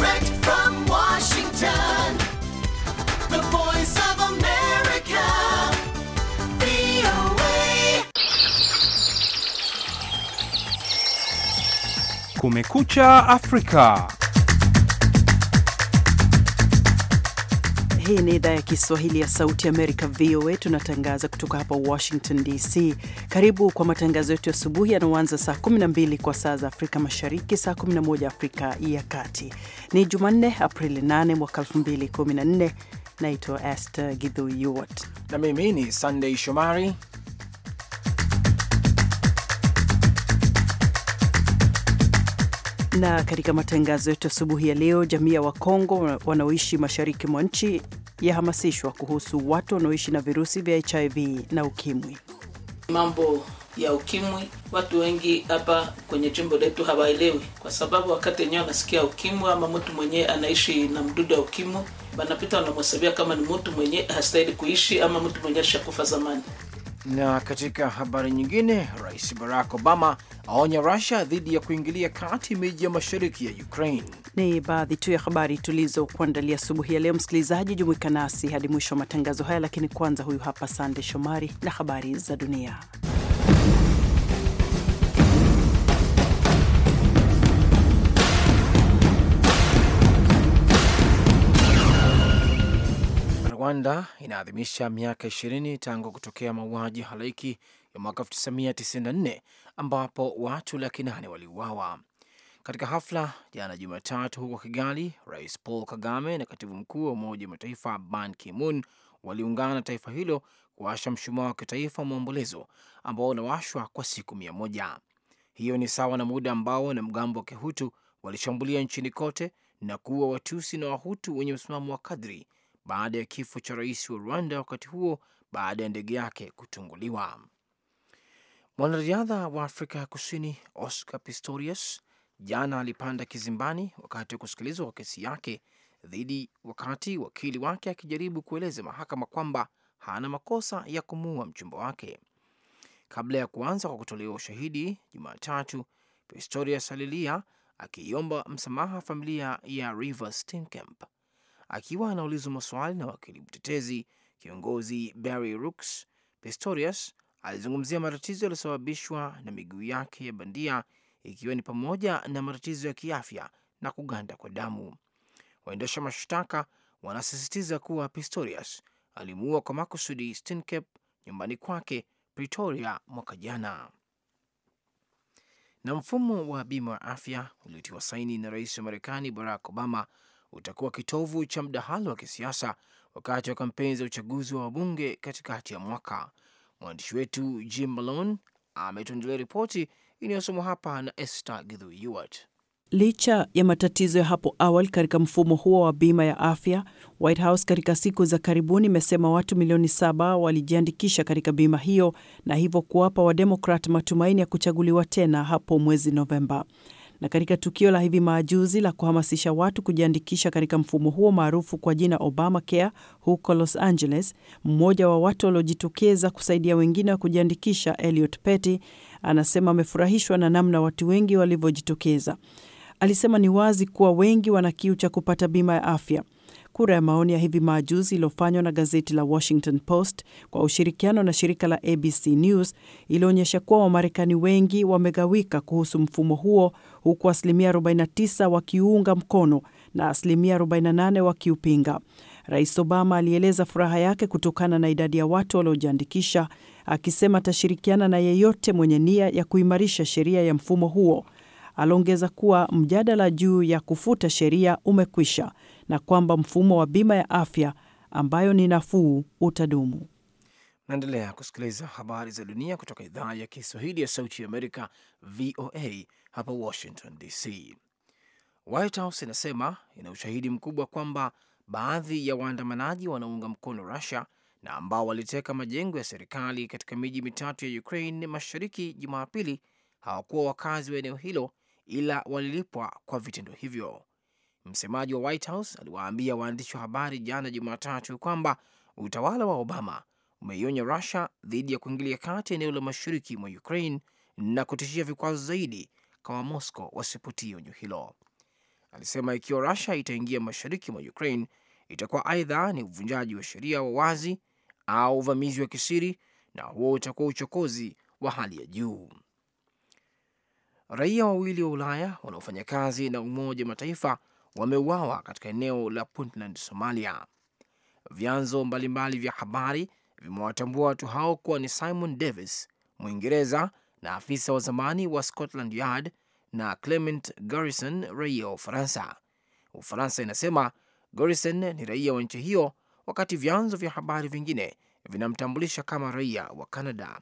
Direct from Washington, the voice of America, VOA. Kumekucha Afrika. Hii ni idhaa ya Kiswahili ya Sauti Amerika, VOA. Tunatangaza kutoka hapa Washington DC. Karibu kwa matangazo yetu ya asubuhi yanaoanza saa 12 kwa saa za Afrika Mashariki, saa 11 Afrika ya Kati. Ni Jumanne, Aprili 8 mwaka 2014. Naitwa Esther Gidhyuwat na mimi ni Sandey Shomari. na katika matangazo yetu asubuhi ya leo, jamii ya Wakongo wanaoishi mashariki mwa nchi yahamasishwa kuhusu watu wanaoishi na virusi vya HIV na ukimwi. Mambo ya ukimwi, watu wengi hapa kwenye jimbo letu hawaelewi, kwa sababu wakati wenyewe anasikia ukimwi ama mtu mwenyewe anaishi na mdudu wa ukimwi, wanapita wanamhesabia kama ni mtu mwenyewe hastahili kuishi ama mtu mwenyewe alishakufa zamani. Na katika habari nyingine, Rais Barack Obama aonya Rusia dhidi ya kuingilia kati miji ya mashariki ya Ukraine. Ni baadhi tu ya habari tulizokuandalia asubuhi ya leo. Msikilizaji, jumuika nasi hadi mwisho wa matangazo haya, lakini kwanza, huyu hapa Sande Shomari na habari za dunia. Rwanda inaadhimisha miaka ishirini tangu kutokea mauaji halaiki ya mwaka 1994 ambapo watu laki nane waliuawa. Katika hafla jana Jumatatu huko Kigali, Rais Paul Kagame na katibu mkuu wa Umoja wa Mataifa Ban Ki-moon waliungana na taifa hilo kuwasha mshumaa wa kitaifa maombolezo ambao unawashwa kwa siku mia moja. Hiyo ni sawa na muda ambao na mgambo wa Kihutu walishambulia nchini kote na kuua Watusi na Wahutu wenye msimamo wa kadri baada ya kifo cha rais wa Rwanda wakati huo baada ya ndege yake kutunguliwa. Mwanariadha wa Afrika ya Kusini Oscar Pistorius jana alipanda kizimbani wakati wa kusikilizwa kwa kesi yake dhidi, wakati wakili wake akijaribu kueleza mahakama kwamba hana makosa ya kumuua mchumba wake. Kabla ya kuanza kwa kutolewa ushahidi Jumatatu, Pistorius alilia akiiomba msamaha familia ya Reeva Steenkamp akiwa anaulizwa maswali na wakili mtetezi kiongozi Barry Rooks, Pistorius alizungumzia matatizo yaliyosababishwa na miguu yake ya bandia ikiwa ni pamoja na matatizo ya kiafya na kuganda kwa damu. Waendesha mashtaka wanasisitiza kuwa Pistorius alimuua kwa makusudi Steenkamp nyumbani kwake Pretoria mwaka jana. Na mfumo wa bima wa afya uliotiwa saini na rais wa Marekani Barack Obama utakuwa kitovu cha mdahalo wa kisiasa wakati wa kampeni za uchaguzi wa wabunge katikati ya mwaka. Mwandishi wetu Jim Malone ametuendelea ripoti inayosomwa hapa na Esther Githui Licha ya matatizo ya hapo awali katika mfumo huo wa bima ya afya, White House katika siku za karibuni imesema watu milioni saba walijiandikisha katika bima hiyo na hivyo kuwapa Wademokrat matumaini ya kuchaguliwa tena hapo mwezi Novemba. Na katika tukio la hivi majuzi la kuhamasisha watu kujiandikisha katika mfumo huo maarufu kwa jina Obamacare huko Los Angeles, mmoja wa watu waliojitokeza kusaidia wengine wa kujiandikisha, eliot Petty, anasema amefurahishwa na namna watu wengi walivyojitokeza. Alisema ni wazi kuwa wengi wana kiu cha kupata bima ya afya. Kura ya maoni ya hivi majuzi iliyofanywa na gazeti la Washington Post kwa ushirikiano na shirika la ABC News ilionyesha kuwa Wamarekani wengi wamegawika kuhusu mfumo huo huku asilimia 49 wakiunga mkono na asilimia 48 wakiupinga. Rais Obama alieleza furaha yake kutokana na idadi ya watu waliojiandikisha, akisema atashirikiana na yeyote mwenye nia ya kuimarisha sheria ya mfumo huo. Aliongeza kuwa mjadala juu ya kufuta sheria umekwisha na kwamba mfumo wa bima ya afya ambayo ni nafuu utadumu. Naendelea kusikiliza habari za dunia kutoka idhaa ya Kiswahili ya Sauti ya Amerika, VOA, hapa Washington DC. White House inasema ina ushahidi mkubwa kwamba baadhi ya waandamanaji wanaunga mkono Russia na ambao waliteka majengo ya serikali katika miji mitatu ya Ukraine mashariki Jumapili hawakuwa wakazi wa eneo hilo, ila walilipwa kwa vitendo hivyo. Msemaji wa White House aliwaambia waandishi wa habari jana Jumatatu kwamba utawala wa Obama umeionya Russia dhidi ya kuingilia kati eneo la mashariki mwa Ukraine na kutishia vikwazo zaidi kama Moscow wasipotie onyo hilo. Alisema ikiwa Rusia itaingia mashariki mwa Ukraine itakuwa aidha ni uvunjaji wa sheria wa wazi au uvamizi wa kisiri, na huo utakuwa uchokozi wa hali ya juu. Raia wawili wa Ulaya wanaofanya kazi na Umoja wa Mataifa wameuawa katika eneo la Puntland, Somalia. Vyanzo mbalimbali vya habari vimewatambua watu hao kuwa ni Simon Davis, Mwingereza na afisa wa zamani wa Scotland Yard na Clement Garrison, raia wa Ufaransa. Ufaransa inasema Garrison ni raia wa nchi hiyo, wakati vyanzo vya habari vingine vinamtambulisha kama raia wa Canada.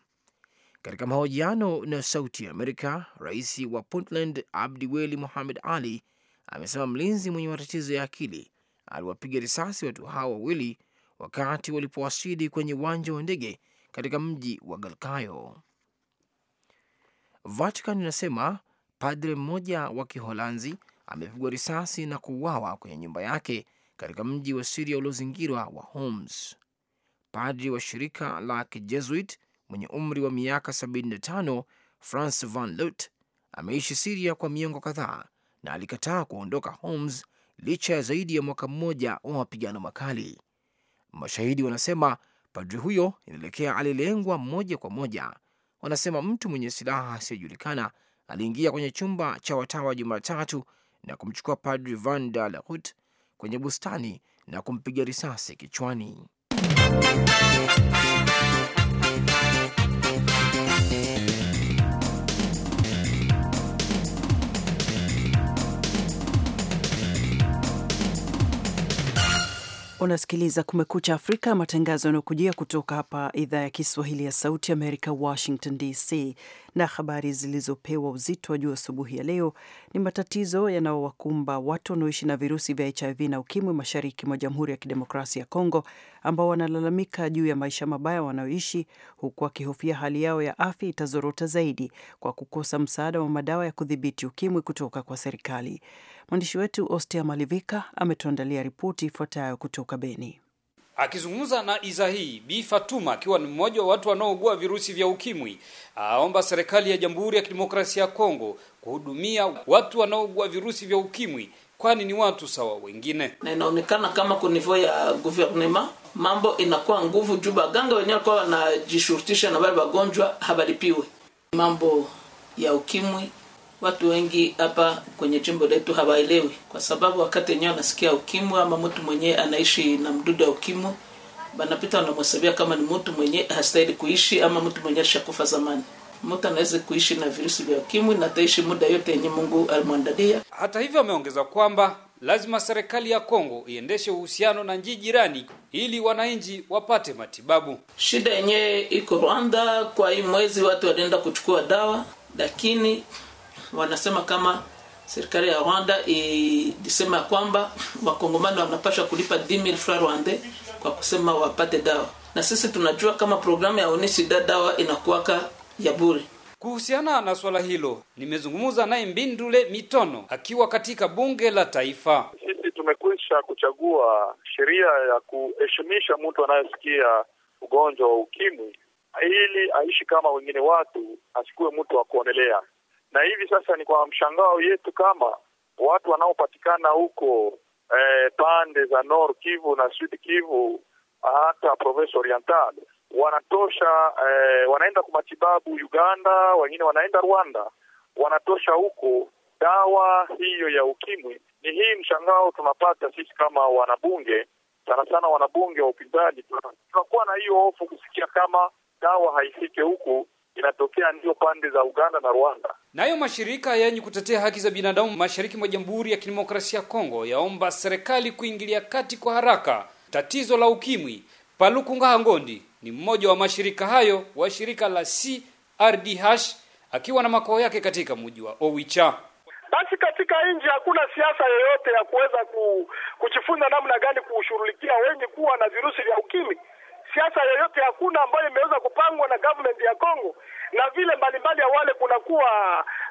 Katika mahojiano na Sauti ya Amerika, rais wa Puntland Abdiweli Mohamed Ali amesema mlinzi mwenye matatizo ya akili aliwapiga risasi watu hao wawili wakati walipowasili kwenye uwanja wa ndege katika mji wa Galkayo. Vatican inasema padre mmoja wa Kiholanzi amepigwa risasi na kuuawa kwenye nyumba yake katika mji wa Siria uliozingirwa wa Homs. Padri wa shirika la Kijesuit mwenye umri wa miaka 75 Franc Van Lut ameishi Siria kwa miongo kadhaa na alikataa kuondoka Homs licha ya zaidi ya mwaka mmoja wa mapigano makali. Mashahidi wanasema padri huyo inaelekea alilengwa moja kwa moja wanasema mtu mwenye silaha asiyojulikana aliingia kwenye chumba cha watawa Jumatatu na kumchukua Padri Van la Lahut kwenye bustani na kumpiga risasi kichwani. Unasikiliza Kumekucha Afrika, matangazo yanayokujia kutoka hapa idhaa ya Kiswahili ya Sauti Amerika, Washington DC. Na habari zilizopewa uzito wa juu asubuhi ya leo ni matatizo yanayowakumba watu wanaoishi na virusi vya HIV na UKIMWI mashariki mwa Jamhuri ya Kidemokrasia ya Kongo, ambao wanalalamika juu ya maisha mabaya wanayoishi, huku wakihofia hali yao ya afya itazorota zaidi kwa kukosa msaada wa madawa ya kudhibiti UKIMWI kutoka kwa serikali. Mwandishi wetu Ostia Malivika ametuandalia ripoti ifuatayo kutoka Beni. Akizungumza na iza hii Bi Fatuma akiwa ni mmoja wa watu wanaougua virusi vya ukimwi, aomba serikali ya Jamhuri ya Kidemokrasia ya Kongo kuhudumia watu wanaougua virusi vya ukimwi, kwani ni watu sawa wengine. Na inaonekana kama kunivo ya guvernema mambo inakuwa nguvu juu baganga wenyewe walikuwa wanajishurutisha na wale wagonjwa habalipiwe. Mambo ya ukimwi watu wengi hapa kwenye jimbo letu hawaelewi, kwa sababu wakati wenyewe anasikia ukimwi ama mtu mwenyewe anaishi na mdudu wa ukimwi, banapita wanamhesabia kama ni mtu mwenye hastahili kuishi ama mtu mwenye alishakufa zamani. Mtu anaweza kuishi na virusi vya ukimwi na ataishi muda yote yenye Mungu alimwandalia. Hata hivyo, ameongeza kwamba lazima serikali ya Kongo iendeshe uhusiano na njii jirani ili wananchi wapate matibabu. Shida yenyewe iko Rwanda. Kwa hii mwezi watu walienda kuchukua dawa, lakini wanasema kama serikali ya Rwanda ilisema kwamba wakongomani wanapaswa kulipa 10000 francs rwande kwa kusema wapate dawa, na sisi tunajua kama programu ya onesida dawa inakuwaka ya bure. Kuhusiana na swala hilo nimezungumza naye Mbindule Mitono akiwa katika bunge la taifa. Sisi tumekwisha kuchagua sheria ya kuheshimisha mtu anayesikia ugonjwa wa ukimwi ili aishi kama wengine watu, asikuwe mtu wa kuonelea na hivi sasa ni kwa mshangao yetu kama watu wanaopatikana huko eh, pande za Nord Kivu na Sud Kivu hata province Oriental wanatosha eh, wanaenda kwa matibabu Uganda, wengine wanaenda Rwanda, wanatosha huko dawa hiyo ya ukimwi. Ni hii mshangao tunapata sisi kama wanabunge, sana sana wanabunge wa upinzani, tunakuwa na hiyo hofu kusikia kama dawa haifike huku inatokea ndio pande za Uganda na Rwanda. Nayo mashirika yenye kutetea haki za binadamu mashariki mwa Jamhuri ya Kidemokrasia ya Kongo yaomba serikali kuingilia kati kwa haraka tatizo la ukimwi. Paluku Ngahangondi ni mmoja wa mashirika hayo wa shirika la CRDH akiwa na makao yake katika mji wa Owicha. Basi katika nchi hakuna siasa yoyote ya kuweza kujifunza namna gani kuushughulikia wenye kuwa na virusi vya ukimwi siasa yoyote hakuna ambayo imeweza kupangwa na government ya Kongo, na vile mbalimbali ya wale kunakuwa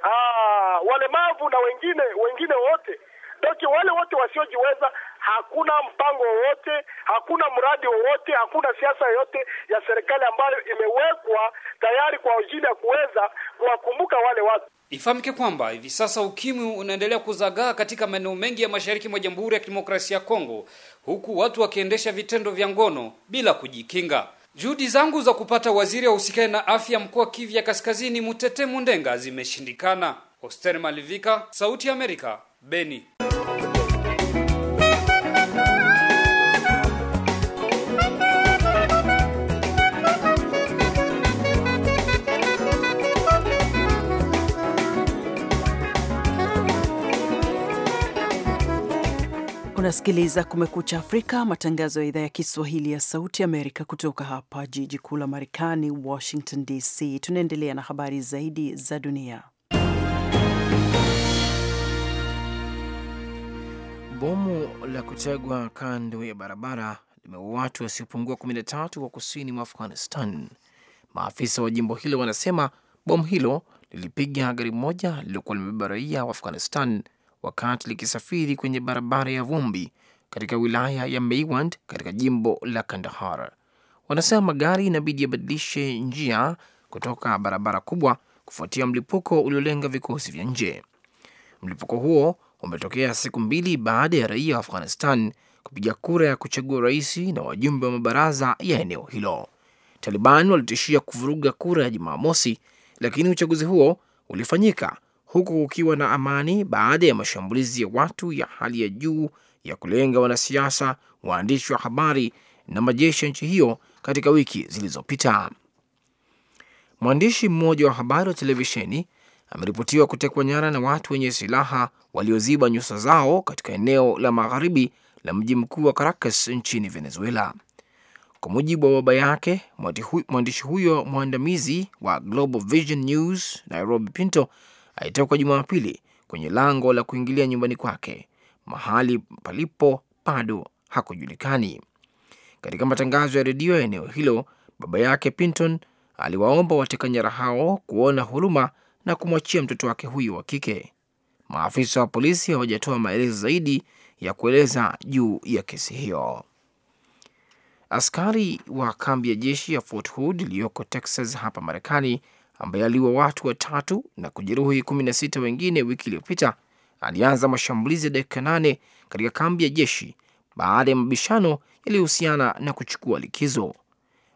ah, walemavu na wengine wengine wote doki wale wote wasiojiweza, hakuna mpango wowote, hakuna mradi wowote, hakuna siasa yoyote ya serikali ambayo imewekwa tayari kwa ajili ya kuweza kuwakumbuka wale watu. Ifahamike kwamba hivi sasa ukimwi unaendelea kuzagaa katika maeneo mengi ya mashariki mwa Jamhuri ya Kidemokrasia ya Kongo, huku watu wakiendesha vitendo vya ngono bila kujikinga. Juhudi zangu za kupata waziri ahusikaye na afya mkoa kivya Kivu ya Kaskazini, Mutete Mundenga, zimeshindikana. hoster Malivika, Sauti ya Amerika, Beni. Unasikiliza Kumekucha Afrika, matangazo ya idhaa ya Kiswahili ya Sauti Amerika kutoka hapa jiji kuu la Marekani, Washington DC. Tunaendelea na habari zaidi za dunia. Bomu la kutegwa kando ya barabara limeua watu wasiopungua 13 wa kusini mwa Afghanistan. Maafisa wa jimbo hilo wanasema bomu hilo lilipiga gari moja lililokuwa limebeba raia wa Afghanistan wakati likisafiri kwenye barabara ya vumbi katika wilaya ya Meiwand katika jimbo la Kandahar. Wanasema magari inabidi yabadilishe njia kutoka barabara kubwa kufuatia mlipuko uliolenga vikosi vya nje. Mlipuko huo umetokea siku mbili baada ya raia wa Afghanistan kupiga kura ya kuchagua rais na wajumbe wa mabaraza ya eneo hilo. Taliban walitishia kuvuruga kura ya Jumamosi, lakini uchaguzi huo ulifanyika huku kukiwa na amani baada ya mashambulizi ya watu ya hali ya juu ya kulenga wanasiasa, waandishi wa habari na majeshi ya nchi hiyo katika wiki zilizopita. Mwandishi mmoja wa habari wa televisheni ameripotiwa kutekwa nyara na watu wenye silaha walioziba nyuso zao katika eneo la magharibi la mji mkuu wa Caracas nchini Venezuela. Kwa mujibu wa baba yake, mwandishi huyo mwandamizi wa Global Vision News Nairobi Pinto aitoka Jumapili kwenye lango la kuingilia nyumbani kwake. Mahali palipo bado hakujulikani. Katika matangazo ya redio ya eneo hilo, baba yake Pinton aliwaomba wateka nyara hao kuona huruma na kumwachia mtoto wake huyu wa kike. Maafisa wa polisi hawajatoa maelezo zaidi ya kueleza juu ya kesi hiyo. Askari wa kambi ya jeshi ya Fort Hood iliyoko Texas hapa Marekani ambaye aliwa watu watatu na kujeruhi kumi na sita wengine wiki iliyopita alianza mashambulizi ya dakika nane katika kambi ya jeshi baada ya mabishano yaliyohusiana na kuchukua likizo.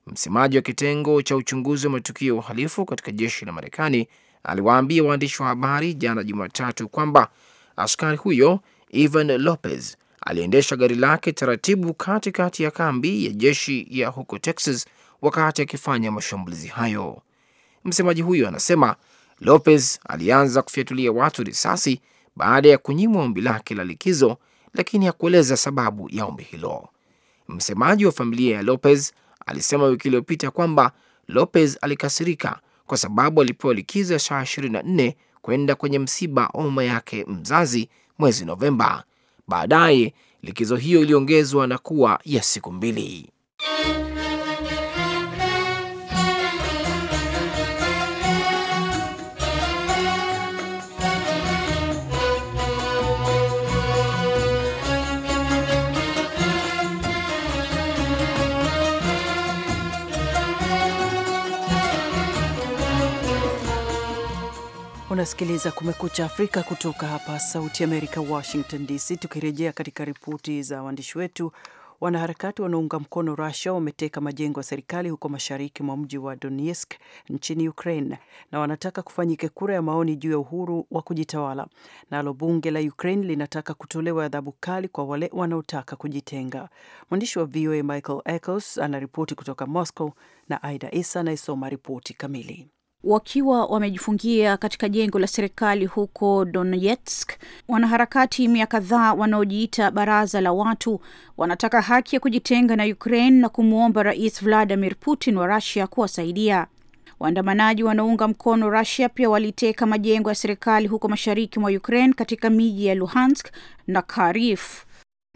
Msemaji wa kitengo cha uchunguzi wa matukio ya uhalifu katika jeshi la Marekani aliwaambia waandishi wa habari jana Jumatatu kwamba askari huyo Ivan Lopez aliendesha gari lake taratibu katikati kati ya kambi ya jeshi ya huko Texas wakati akifanya mashambulizi hayo. Msemaji huyo anasema Lopez alianza kufyatulia watu risasi baada ya kunyimwa ombi lake la likizo, lakini hakueleza sababu ya ombi hilo. Msemaji wa familia ya Lopez alisema wiki iliyopita kwamba Lopez alikasirika kwa sababu alipewa likizo ya saa 24 kwenda kwenye msiba wa mama yake mzazi mwezi Novemba. Baadaye likizo hiyo iliongezwa na kuwa ya siku mbili. Unasikiliza Kumekucha Afrika kutoka hapa Sauti Amerika, Washington DC. Tukirejea katika ripoti za waandishi wetu, wanaharakati wanaunga mkono Rusia wameteka majengo ya serikali huko mashariki mwa mji wa Donetsk nchini Ukraine na wanataka kufanyike kura ya maoni juu ya uhuru wa kujitawala. Nalo bunge la Ukraine linataka kutolewa adhabu kali kwa wale wanaotaka kujitenga. Mwandishi wa VOA Michael Echoes anaripoti kutoka Moscow na Aida Isa anayesoma ripoti kamili wakiwa wamejifungia katika jengo la serikali huko Donetsk. Wanaharakati mia kadhaa wanaojiita baraza la watu wanataka haki ya kujitenga na Ukraine na kumwomba Rais Vladimir Putin wa Russia kuwasaidia. Waandamanaji wanaunga mkono Russia pia waliteka majengo ya serikali huko mashariki mwa Ukraine katika miji ya Luhansk na Kharkiv.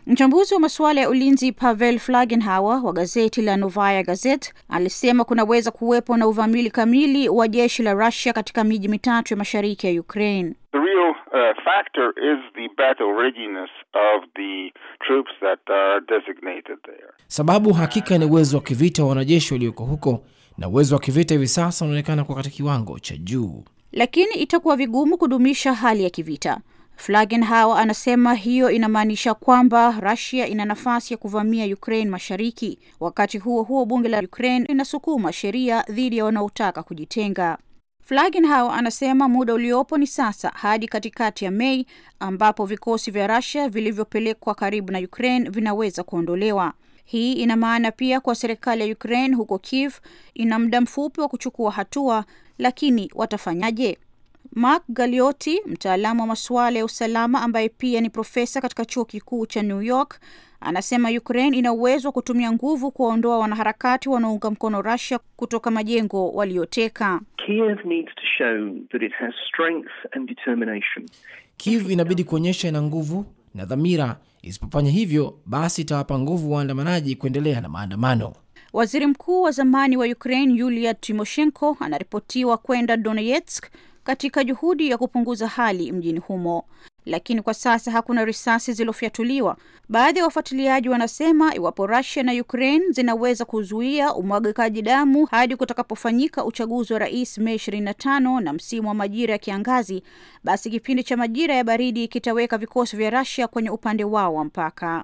Mchambuzi wa masuala ya ulinzi Pavel Flagenhauer wa gazeti la Novaya Gazette alisema kunaweza kuwepo na uvamili kamili wa jeshi la Russia katika miji mitatu ya mashariki ya Ukraine. The real uh, factor is the battle readiness of the troops that are designated there. Sababu hakika ni uwezo wa kivita wa wanajeshi walioko huko na uwezo wa kivita hivi sasa unaonekana kuwa katika kiwango cha juu. Lakini itakuwa vigumu kudumisha hali ya kivita flagenhau anasema hiyo inamaanisha kwamba rasia ina nafasi ya kuvamia Ukraine mashariki. Wakati huo huo, bunge la Ukraine linasukuma sheria dhidi ya wanaotaka kujitenga. Flagenhauer anasema muda uliopo ni sasa hadi katikati ya Mei ambapo vikosi vya rasia vilivyopelekwa karibu na Ukraine vinaweza kuondolewa. Hii ina maana pia kwa serikali ya Ukraine huko Kiev ina muda mfupi wa kuchukua hatua, lakini watafanyaje? Mark Galiotti, mtaalamu wa masuala ya usalama ambaye pia ni profesa katika chuo kikuu cha New York, anasema Ukraine ina uwezo wa kutumia nguvu kuwaondoa wanaharakati wanaounga mkono Russia kutoka majengo walioteka. Kiev needs to show that it has strength and determination. Kiev inabidi kuonyesha ina nguvu na dhamira. Isipofanya hivyo, basi itawapa nguvu waandamanaji kuendelea na maandamano. Waziri mkuu wa zamani wa Ukraine Yulia Tymoshenko anaripotiwa kwenda Donetsk katika juhudi ya kupunguza hali mjini humo, lakini kwa sasa hakuna risasi zilizofyatuliwa. Baadhi ya wafuatiliaji wanasema iwapo rasia na Ukraine zinaweza kuzuia umwagikaji damu hadi kutakapofanyika uchaguzi wa rais Mei ishirini na msimu wa majira ya kiangazi, basi kipindi cha majira ya baridi kitaweka vikosi vya rasia kwenye upande wao wa mpaka.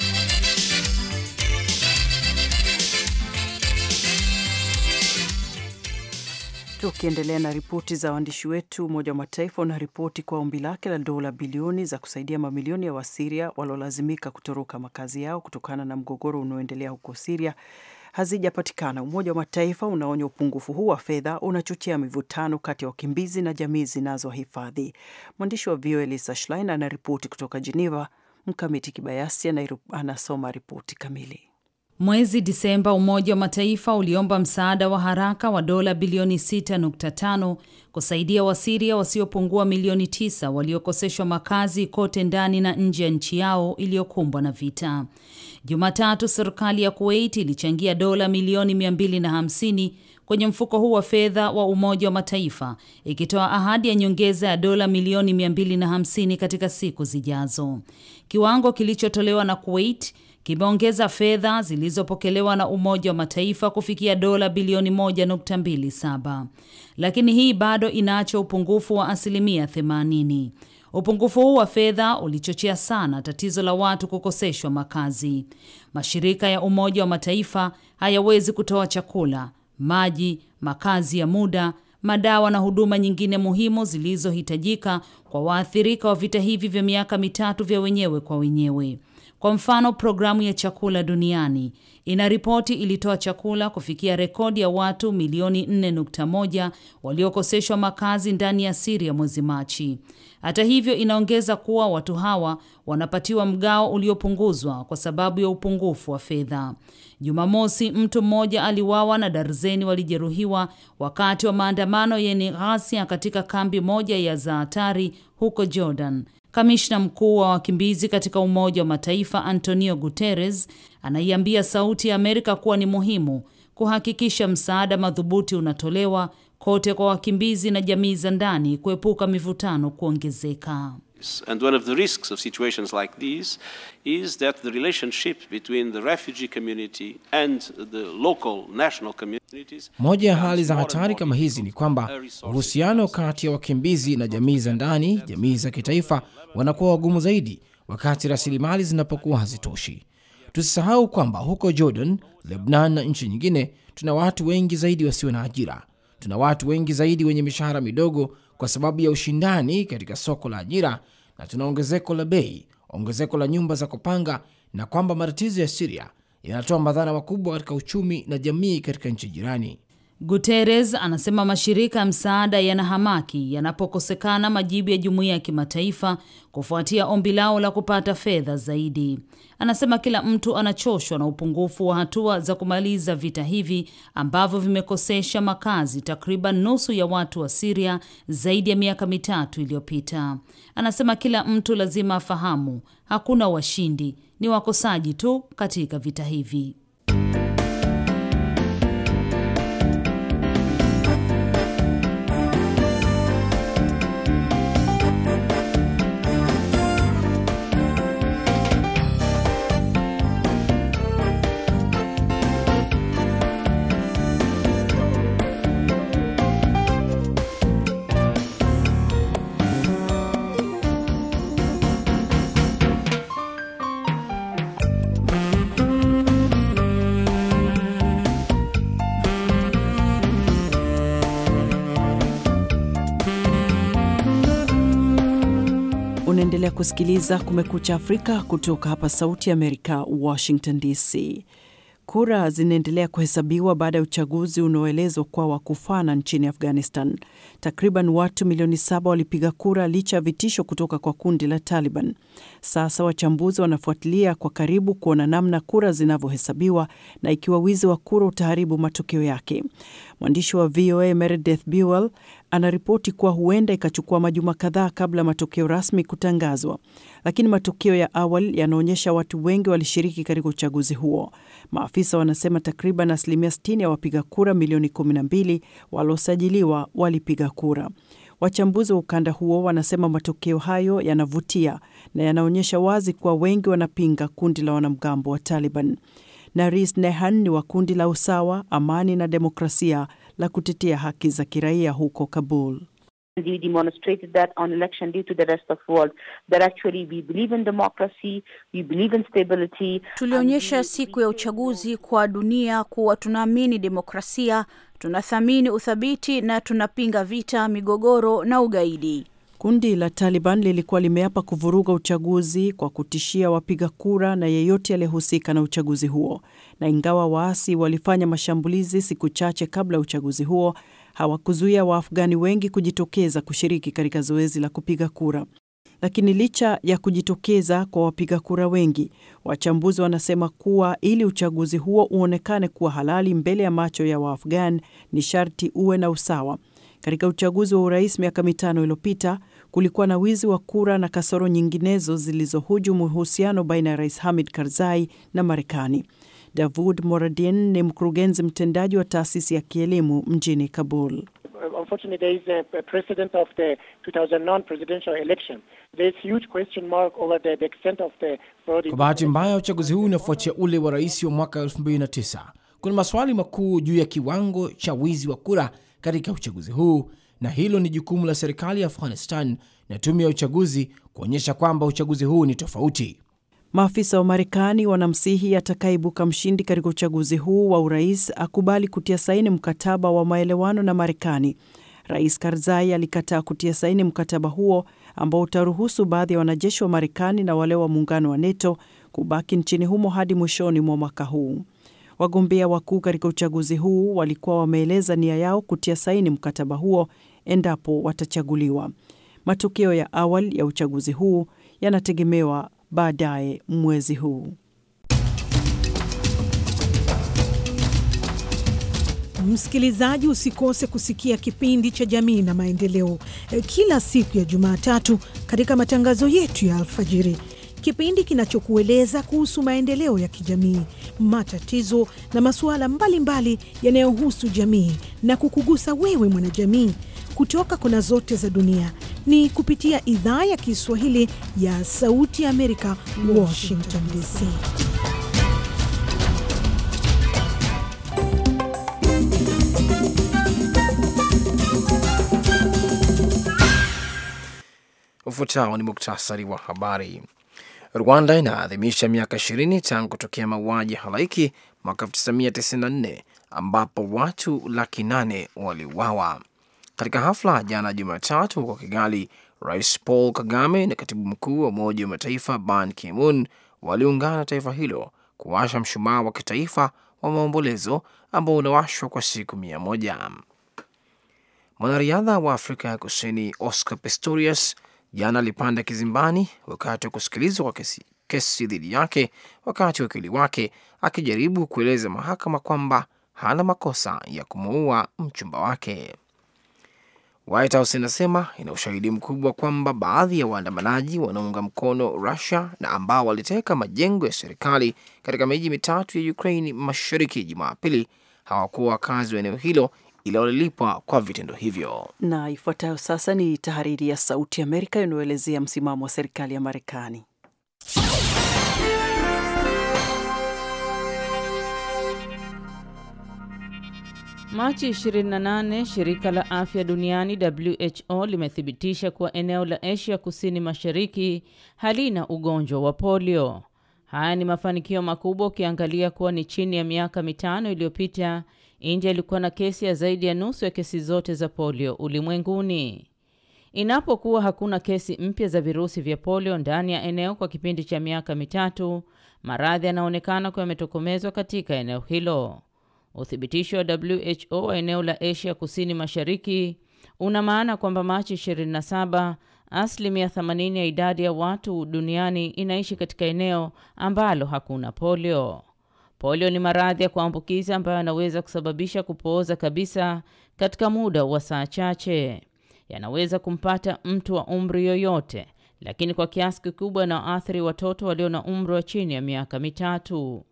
Tukiendelea na ripoti za waandishi wetu, Umoja wa Mataifa unaripoti kwa ombi lake la dola bilioni za kusaidia mamilioni ya Wasiria waliolazimika kutoroka makazi yao kutokana na mgogoro unaoendelea huko Siria hazijapatikana. Umoja wa Mataifa unaonya upungufu huu wa fedha unachochea mivutano kati ya wakimbizi na jamii zinazohifadhi. Mwandishi wa VOA Lisa Schlein anaripoti kutoka Geneva. Mkamiti Kibayasi anasoma ripoti kamili. Mwezi Disemba, Umoja wa Mataifa uliomba msaada wa haraka wa dola bilioni 6.5 kusaidia Wasiria wasiopungua milioni 9 waliokoseshwa makazi kote ndani na nje ya nchi yao iliyokumbwa na vita. Jumatatu, serikali ya Kuwait ilichangia dola milioni 250 kwenye mfuko huu wa fedha wa Umoja wa Mataifa ikitoa ahadi ya nyongeza ya dola milioni 250 katika siku zijazo. Kiwango kilichotolewa na Kuwait kimeongeza fedha zilizopokelewa na Umoja wa Mataifa kufikia dola bilioni 1.27, lakini hii bado inaacha upungufu wa asilimia 80. Upungufu huu wa fedha ulichochea sana tatizo la watu kukoseshwa makazi. Mashirika ya Umoja wa Mataifa hayawezi kutoa chakula, maji, makazi ya muda, madawa na huduma nyingine muhimu zilizohitajika kwa waathirika wa vita hivi vya miaka mitatu vya wenyewe kwa wenyewe. Kwa mfano, programu ya chakula duniani ina ripoti ilitoa chakula kufikia rekodi ya watu milioni 4.1 waliokoseshwa makazi ndani ya Siria mwezi Machi. Hata hivyo, inaongeza kuwa watu hawa wanapatiwa mgao uliopunguzwa kwa sababu ya upungufu wa fedha. Jumamosi, mtu mmoja aliwawa na darzeni walijeruhiwa wakati wa maandamano yenye ghasia katika kambi moja ya Zaatari huko Jordan. Kamishna mkuu wa wakimbizi katika Umoja wa Mataifa Antonio Guterres anaiambia Sauti ya Amerika kuwa ni muhimu kuhakikisha msaada madhubuti unatolewa kote kwa wakimbizi na jamii za ndani kuepuka mivutano kuongezeka refugees. And one of the risks of situations like these is that the relationship between the refugee community and the local national communities. Moja ya hali za hatari kama hizi ni kwamba uhusiano kati ya wakimbizi na jamii za ndani, jamii za kitaifa, wanakuwa wagumu zaidi wakati rasilimali zinapokuwa hazitoshi. Tusisahau kwamba huko Jordan, Lebanon na nchi nyingine tuna watu wengi zaidi wasio na ajira, tuna watu wengi zaidi wenye mishahara midogo kwa sababu ya ushindani katika soko la ajira na tuna ongezeko la bei, ongezeko la nyumba za kupanga na kwamba matatizo ya Siria yanatoa madhara makubwa katika uchumi na jamii katika nchi jirani. Guterres anasema mashirika ya msaada yana hamaki yanapokosekana majibu ya jumuiya ya kimataifa kufuatia ombi lao la kupata fedha zaidi. Anasema kila mtu anachoshwa na upungufu wa hatua za kumaliza vita hivi ambavyo vimekosesha makazi takriban nusu ya watu wa Siria zaidi ya miaka mitatu iliyopita. Anasema kila mtu lazima afahamu hakuna washindi, ni wakosaji tu katika vita hivi. Unaendelea kusikiliza Kumekucha Afrika kutoka hapa Sauti ya Amerika, Washington DC. Kura zinaendelea kuhesabiwa baada ya uchaguzi unaoelezwa kuwa wa kufana nchini Afghanistan. Takriban watu milioni saba walipiga kura licha ya vitisho kutoka kwa kundi la Taliban. Sasa wachambuzi wanafuatilia kwa karibu kuona namna kura zinavyohesabiwa na ikiwa wizi wa kura utaharibu matokeo yake. Mwandishi wa VOA Meredith Buell anaripoti kuwa huenda ikachukua majuma kadhaa kabla matokeo rasmi kutangazwa lakini matokeo ya awali yanaonyesha watu wengi walishiriki katika uchaguzi huo. Maafisa wanasema takriban asilimia 60 ya wapiga kura milioni 12 waliosajiliwa walipiga kura. Wachambuzi wa ukanda huo wanasema matokeo hayo yanavutia na yanaonyesha wazi kuwa wengi wanapinga kundi la wanamgambo wa Taliban. Naris Nehan ni wa kundi la usawa, amani na demokrasia la kutetea haki za kiraia huko Kabul we demonstrated that on election day to the rest of the world that actually we believe in democracy, we believe in stability. Tulionyesha siku ya uchaguzi kwa dunia kuwa tunaamini demokrasia, tunathamini uthabiti na tunapinga vita, migogoro na ugaidi. Kundi la Taliban lilikuwa limeapa kuvuruga uchaguzi kwa kutishia wapiga kura na yeyote aliyehusika na uchaguzi huo. Na ingawa waasi walifanya mashambulizi siku chache kabla ya uchaguzi huo, hawakuzuia waafgani wengi kujitokeza kushiriki katika zoezi la kupiga kura. Lakini licha ya kujitokeza kwa wapiga kura wengi, wachambuzi wanasema kuwa ili uchaguzi huo uonekane kuwa halali mbele ya macho ya waafgan ni sharti uwe na usawa. Katika uchaguzi wa urais miaka mitano iliyopita kulikuwa na wizi wa kura na kasoro nyinginezo zilizohujumu uhusiano baina ya rais Hamid Karzai na Marekani. Davud Moradin ni mkurugenzi mtendaji wa taasisi ya kielimu mjini Kabul. Uh, Kwa bahati mbaya, uchaguzi huu unafuatia ule wa rais wa mwaka 2009. Kuna maswali makuu juu ya kiwango cha wizi wa kura katika uchaguzi huu, na hilo ni jukumu la serikali ya Afghanistan na tume ya uchaguzi kuonyesha kwamba uchaguzi huu ni tofauti. Maafisa wa Marekani wanamsihi atakayeibuka mshindi katika uchaguzi huu wa urais akubali kutia saini mkataba wa maelewano na Marekani. Rais Karzai alikataa kutia saini mkataba huo ambao utaruhusu baadhi ya wanajeshi wa Marekani na wale wa muungano wa NATO kubaki nchini humo hadi mwishoni mwa mwaka huu. Wagombea wakuu katika uchaguzi huu walikuwa wameeleza nia yao kutia saini mkataba huo endapo watachaguliwa. Matokeo ya awali ya uchaguzi huu yanategemewa baadaye mwezi huu. Msikilizaji, usikose kusikia kipindi cha Jamii na Maendeleo eh, kila siku ya Jumatatu katika matangazo yetu ya alfajiri, kipindi kinachokueleza kuhusu maendeleo ya kijamii, matatizo na masuala mbalimbali yanayohusu jamii na kukugusa wewe mwanajamii kutoka kona zote za dunia ni kupitia idhaa ya Kiswahili ya Sauti Amerika, Washington DC. Ufuatao ni muktasari wa habari. Rwanda inaadhimisha miaka 20 tangu kutokea mauaji halaiki mwaka 994 ambapo watu laki 8 waliuawa. Katika hafla jana Jumatatu huko Kigali, Rais Paul Kagame na katibu mkuu wa Umoja wa Mataifa Ban Ki-moon waliungana taifa hilo kuwasha mshumaa wa kitaifa wa maombolezo ambao unawashwa kwa siku mia moja. Mwanariadha wa Afrika ya Kusini Oscar Pistorius jana alipanda kizimbani wakati wa kusikilizwa kwa kesi, kesi dhidi yake, wakati wakili wake akijaribu kueleza mahakama kwamba hana makosa ya kumuua mchumba wake. White House inasema ina ushahidi mkubwa kwamba baadhi ya waandamanaji wanaunga mkono russia na ambao waliteka majengo ya serikali katika miji mitatu ya Ukraine mashariki Jumapili hawakuwa wakazi wa eneo hilo ila walilipwa kwa vitendo hivyo. Na ifuatayo sasa ni tahariri ya Sauti ya Amerika inayoelezea msimamo wa serikali ya Marekani. Machi 28 shirika la afya duniani WHO limethibitisha kuwa eneo la Asia kusini mashariki halina ugonjwa wa polio. Haya ni mafanikio makubwa ukiangalia kuwa ni chini ya miaka mitano iliyopita India ilikuwa na kesi ya zaidi ya nusu ya kesi zote za polio ulimwenguni. Inapokuwa hakuna kesi mpya za virusi vya polio ndani ya eneo kwa kipindi cha miaka mitatu, maradhi yanaonekana kuwa yametokomezwa katika eneo hilo. Uthibitisho wa WHO wa eneo la Asia Kusini Mashariki una maana kwamba Machi 27 asilimia 80 ya idadi ya watu duniani inaishi katika eneo ambalo hakuna polio. Polio ni maradhi ya kuambukiza ambayo yanaweza kusababisha kupooza kabisa katika muda wa saa chache. Yanaweza kumpata mtu wa umri yoyote, lakini kwa kiasi kikubwa yanawaathiri watoto walio na umri wa chini ya miaka mitatu.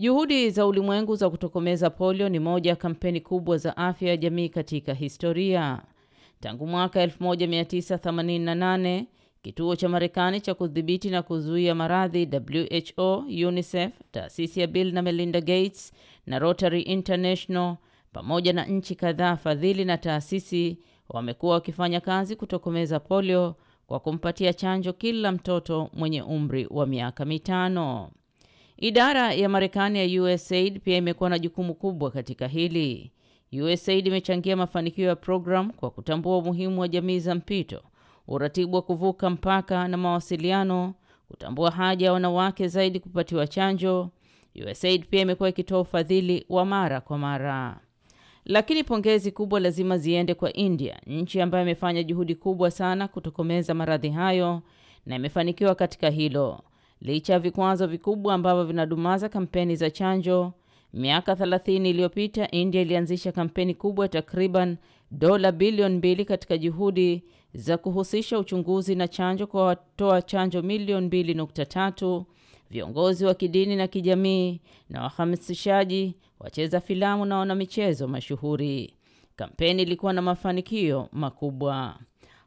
Juhudi za ulimwengu za kutokomeza polio ni moja ya kampeni kubwa za afya ya jamii katika historia. Tangu mwaka 1988 kituo cha Marekani cha kudhibiti na kuzuia maradhi WHO, UNICEF, taasisi ya Bill na Melinda Gates na Rotary International pamoja na nchi kadhaa fadhili na taasisi wamekuwa wakifanya kazi kutokomeza polio kwa kumpatia chanjo kila mtoto mwenye umri wa miaka mitano. Idara ya Marekani ya USAID pia imekuwa na jukumu kubwa katika hili. USAID imechangia mafanikio ya programu kwa kutambua umuhimu wa jamii za mpito, uratibu wa kuvuka mpaka na mawasiliano, kutambua haja ya wanawake zaidi kupatiwa chanjo. USAID pia imekuwa ikitoa ufadhili wa mara kwa mara. Lakini pongezi kubwa lazima ziende kwa India, nchi ambayo imefanya juhudi kubwa sana kutokomeza maradhi hayo na imefanikiwa katika hilo. Licha ya vikwazo vikubwa ambavyo vinadumaza kampeni za chanjo, miaka 30 iliyopita India ilianzisha kampeni kubwa ya takriban dola bilioni mbili katika juhudi za kuhusisha uchunguzi na chanjo kwa watoa chanjo milioni mbili nukta tatu, viongozi wa kidini na kijamii na wahamasishaji, wacheza filamu na wanamichezo mashuhuri. Kampeni ilikuwa na mafanikio makubwa.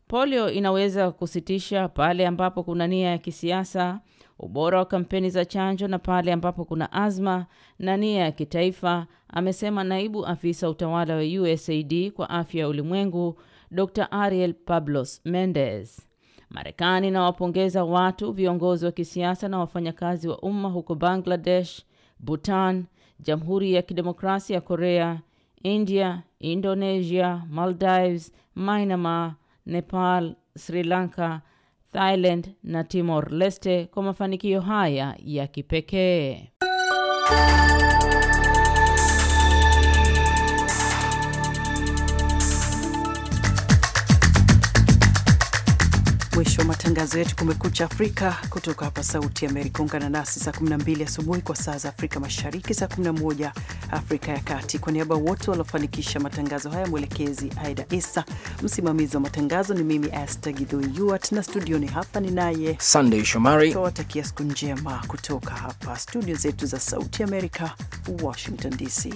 Polio inaweza kusitisha pale ambapo kuna nia ya kisiasa ubora wa kampeni za chanjo na pale ambapo kuna azma na nia ya kitaifa, amesema naibu afisa utawala wa USAID kwa afya ya ulimwengu Dr. Ariel Pablos Mendez. Marekani inawapongeza watu, viongozi wa kisiasa na wafanyakazi wa umma huko Bangladesh, Bhutan, Jamhuri ya Kidemokrasia ya Korea, India, Indonesia, Maldives, Myanmar, Nepal, Sri Lanka Thailand na Timor Leste kwa mafanikio haya ya kipekee. mwisho wa matangazo yetu kumekucha Afrika kutoka hapa Sauti Amerika. Ungana nasi saa 12 asubuhi kwa saa za Afrika Mashariki, saa 11 Afrika ya Kati. Kwa niaba wote waliofanikisha matangazo haya, mwelekezi Aida Isa, msimamizi wa matangazo ni mimi aste gidhuiuat na studioni hapa ni naye sandey Shomari. Tawatakia siku njema kutoka hapa studio zetu za Sauti Amerika, Washington DC.